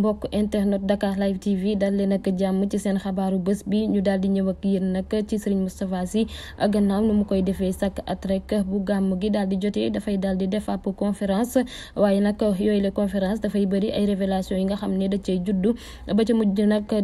mbokk internet Dakar Live TV dal leen ak jàmm ci seen xabaaru bés bi ñu daal di ñëw ak yéen nag ci Serigne Moustapha Sy gannaaw nu mu koy la yi nga xam da cay ba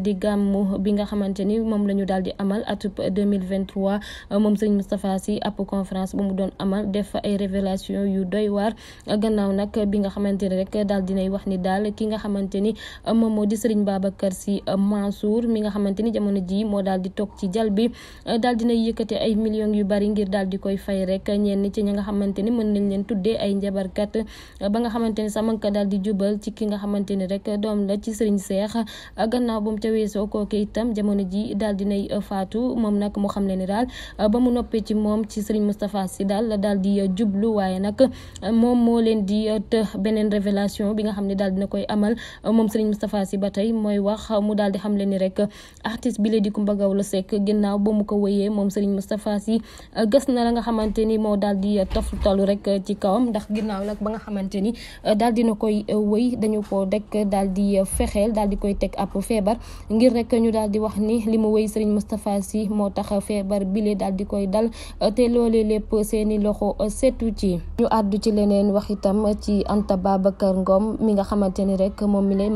di gàmm bi nga xamante ni moom la ñu daal di amal atub 2023 moom Serigne Moustapha Sy ab conférence bu mu doon amal def ay révélation yu doy waar gannaaw nag bi nga xamante ni rek daal dinay wax ni daal ki nga xamante ni Euh, moom moo di Serigne Babacar Sy euh, Mansour mi nga xamante ni jamono ji moo daal di toog ci jal bi euh, daal dina yëkkate ay millions yu bari ngir daal di koy fay rek ñenn ci ñi nga xamante ni mën nañ leen tuddee ay njabarkat ba nga xamante ni sama ka daal di jubal ci ki nga xamante ni rek doom la ci Serigne Seex gannaaw ba mu ca weesoo jamono ji daal dinay faatu moom nag mu xam leen ni daal ba mu noppee ci moom ci Serigne Moustapha si daal la daal di jublu waaye nag moom moo leen di të beneen révélation bi nga xam ne daal dina koy amal moom Serigne Moustapha Sy ba tey mooy wax mu daal di xamle ni rek artiste bi la di Coumba Gawlo Seck ginnaaw ba mu ko wëyee moom Serigne Moustapha Sy gës na la nga xamante ni moo daal di tof tollu rek ci kawam ndax ginnaaw nag ba nga xamante ni daal dina koy wëy dañu ko rek daal di fexeel daal koy teg ab feebar ngir rek ñu daal di wax ni li mu wëy Serigne Moustapha si moo tax feebar bile daal di koy dal te loolee lépp seeni loxo seetu ci ñu àddu ci leneen wax itam ci Anta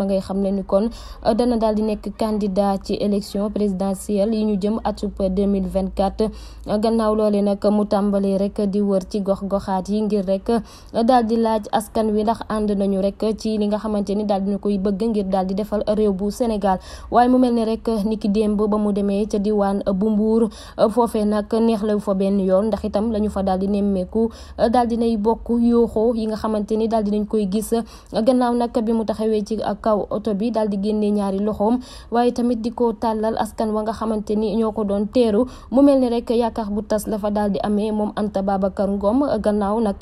ma ngay xam ne ni kon euh, dana daal di nekk candidat ci élection présidentielle yi ñu jëm atub 2024 euh, gannaaw loole nag mu tàmbali rek di wër ci gox-goxaat yi ngir rek euh, daal di laaj askan wi ndax ànd nañu rek ci li nga xamante ni daal di ñu koy bëgg ngir daal di defal réew bu Sénégal waaye mu mel ni rek niki démb ba mu demee ca diwaan bu Mbuur foofee nag neex la fa benn yoon ndax itam lañu fa daal di nemmeeku daal di nay bokk yooxoo yi nga xamante ni daal di koy gis gannaaw nag bi mu taxawee ci ak kaw oto bi daal di génnee ñaari loxoom waaye tamit di ko tàllal askan wa nga xamante ni ñoo ko doon teeru mu mel ni rekk yaakaar bu tas la fa daal di amee moom Anta Babacar Ngom gannaaw nag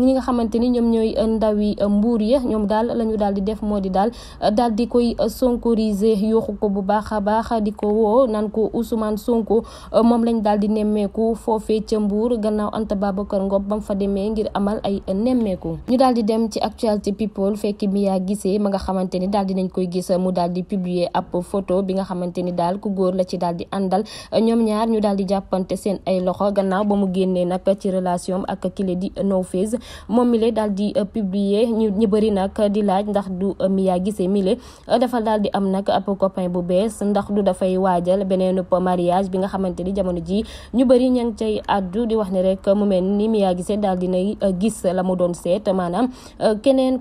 ñi nga xamante ni ñoom ñooy ndawi mbuur ya ñoom daal la ñu daal di def moo di daal daal di koy sonkoriser yooxu ko bu baax a baax di ko woo ko Ousmane Sonko moom lañ daal di nemmeeku foofee ca gannaaw Anta Babacar Ngom bam fa demee ngir amal ay nemmeeku ñu daal di dem ci actualité people fekk mi yaa gisee ma nga xamante xamante ni daal dinañ koy gis mu daal di publier ab photo bi nga xamante ni daal ku góor la ci daal di àndal ñoom ñaar ñu daal di jàppante seen ay loxo gannaaw ba mu génnee nag ci relation ak kile di Nofez moom mi le daal di euh, publier ñu ñu bëri nag di laaj ndax du euh, Mia Guissé mi le dafa daal di am nag ab copain bu bees ndax du dafay waajal beneen mariage bi nga xamante ni jamono ji ñu bëri ña ngi cay addu di wax ne rek mu mel ni mi Guissé daal dinay euh, gis la mu doon seet maanaam keneen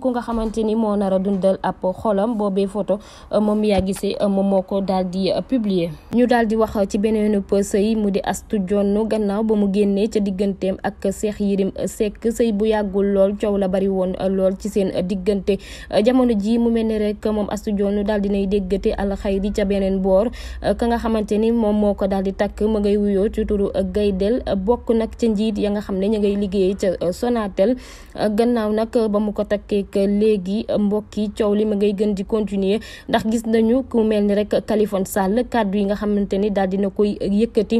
a dundal xolam boobee photo euh, moom yaa gisee euh, moom moo ko daal di euh, publier. ñu daal di wax ci beneen sëy mu di Astou Dione gannaaw ba mu génnee ca digganteem ak Cheikh Yérim Seck sëy bu yàggul lool coow la bari woon lool ci seen diggante jamono ji mu mel ni rek moom Astou Dione daal dinay déggate alxayri ca beneen boor ka nga xamante ni moom moo ko daal di takk ma ngay wuyoo ci turu Gaydel bokk nag ca njiit ya nga xam ne ñu ngay liggéey ca Sonatel gannaaw nag ba mu ko takkee léegi mbokki coow li ma ngay day gën di continuer ndax gis nañu ku mel ni rek Kaliphone Sall kàddu yi nga xamante ni daal dina koy yëkkati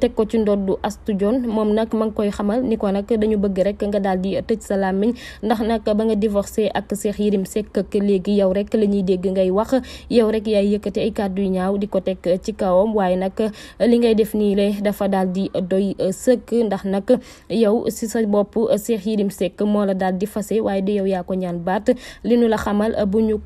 teg ko ci ndoddu Astou Dione moom nag ma ngi koy xamal ni ko nag dañu bëgg rek nga daal di tëj sa làmmiñ ndax nag ba nga divorcé ak seex Yérim Seck ak léegi yow rek la ñuy dégg ngay wax yow rek yaay yëkkati ay kàddu yu ñaaw di ko teg ci kawam waaye nag li ngay def nii le dafa daal di doy sëkk ndax nag yow si sa bopp Cheikh Yérim Seck moo la daal fase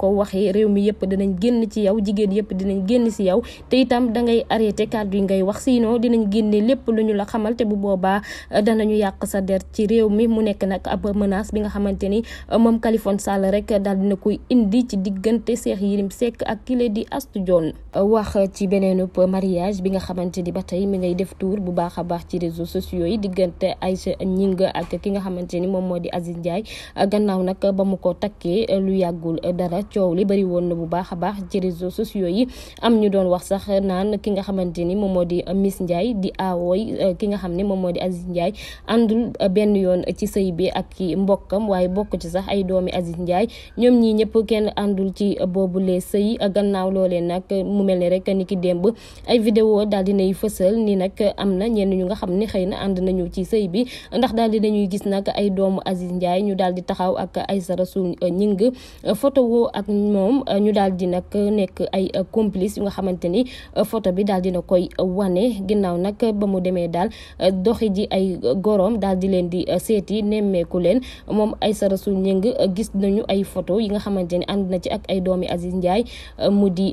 ko waxee réew mi yëpp dinañ génn ci yow jigéen yëpp dinañ génn si yow te itam dangay arrêté kàddu yi ngay wax sinon dinañ génne lépp lu ñu la xamal te bu boobaa euh, danañu yàq sa der ci réew mi mu nekk nag ab menace bi nga xamante ni euh, moom Kaliphone Sall rek daal dina koy indi ci diggante Cheikh Yérim Seck ak kile di Astou Dione euh, wax ci beneenub mariage bi nga xamante ni ba tey mi ngay def tour bu baax a baax ci réseaux sociaux yi diggante Aïcha Ñing ak ki nga xamante ni moom moo di Aziz Ndiaye gannaaw nag ba mu ko takkee lu yàggul dara coow li bëri woon na bu baax a baax ci réseaux sociaux yi am ñu doon wax sax naan ki nga xamante ni moom moo di Miss Ndiaye di aawooy euh, ki nga xam ne moom moo di Aziz Ndiaye àndul euh, benn yoon ci sëy bi ak ki mbokkam waaye bokk ci sax ay doomi Aziz Ndiaye ñoom ñii ñëpp kenn àndul ci boobu lee sëy gannaaw loole nag mu mel ni rek ni ki demb ay vidéo daal nay fësal ni nag am na ñenn ñu nga xam ni xëy na ànd nañu ci sëy bi ndax daal di dañuy gis nag ay doomu Aziz Ndiaye ñu daal di taxaw ak Aïssa Rasoul ñing euh, photo woo ak moom euh, ñu daal di nag nekk ay euh, complice yu nga xamante ni euh, photo bi daal na koy wane ginnaaw nag ba mu demee daal doxi ji ay gorom daal di leen di seeti nemmeeku leen moom ay sarasu Sall gis nañu ay photo yi nga xamante ni ànd na ci ak ay doomi Aziz Ndiaye mu di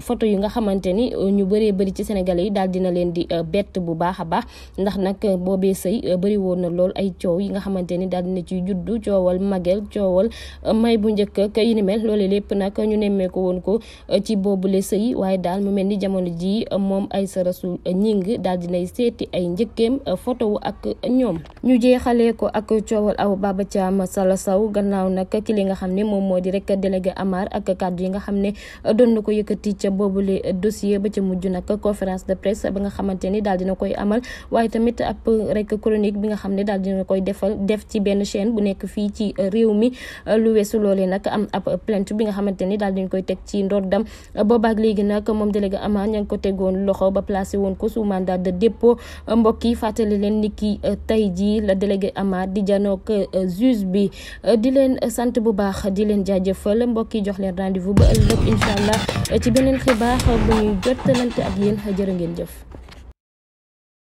photo yi nga xamante ni ñu bëree bëri ci Sénégalais yi daal na leen di bett bu baax a baax ndax nag boobee sëy bëri woon na lool ay coow yi nga xamante ni daal dina ciy juddu coowal magel coowal may bu njëkk ak yi ni mel loole lépp nag ñu nemmeeku woon ko euh, ci boobule sëy waaye daal mu mel ni jamono jii euh, moom Aïssa Rasoul euh, Gningue daal dinay seeti ay njëkkeem photowu ak ñoom ñu jeexalee ko ak coowal aw Baba Thiam Sala Sow gannaaw nag ci li nga xam ne moom moo di rek Amar ak kàddu yi nga xam ne doon na ko yëkkati ca boobule dossier ba ca mujj nag conférence de presse ba nga xamante ni daal dina koy amal waaye tamit ab rek chronique bi nga xam ne daal dina koy defal def ci benn chaine bu nekk fii ci réew mi lu weesu loolee bi nga xamante ni daal dañ koy teg ci ndoddam boobaak léegi nag moom délégué Amar ña ngi ko tegoon loxo ba placé woon ko sous da de dépôt mbokk yi fàttali leen ni ki euh, tey jii la délégué Amar di janook euh, juge bi euh, di leen sant bu baax di leen jaajëfal mbokk yi jox leen rendez-vous ba ëllëg incha allah ci beneen xibaar bu ñuy jottalante ak yéen jërë ngeen jëf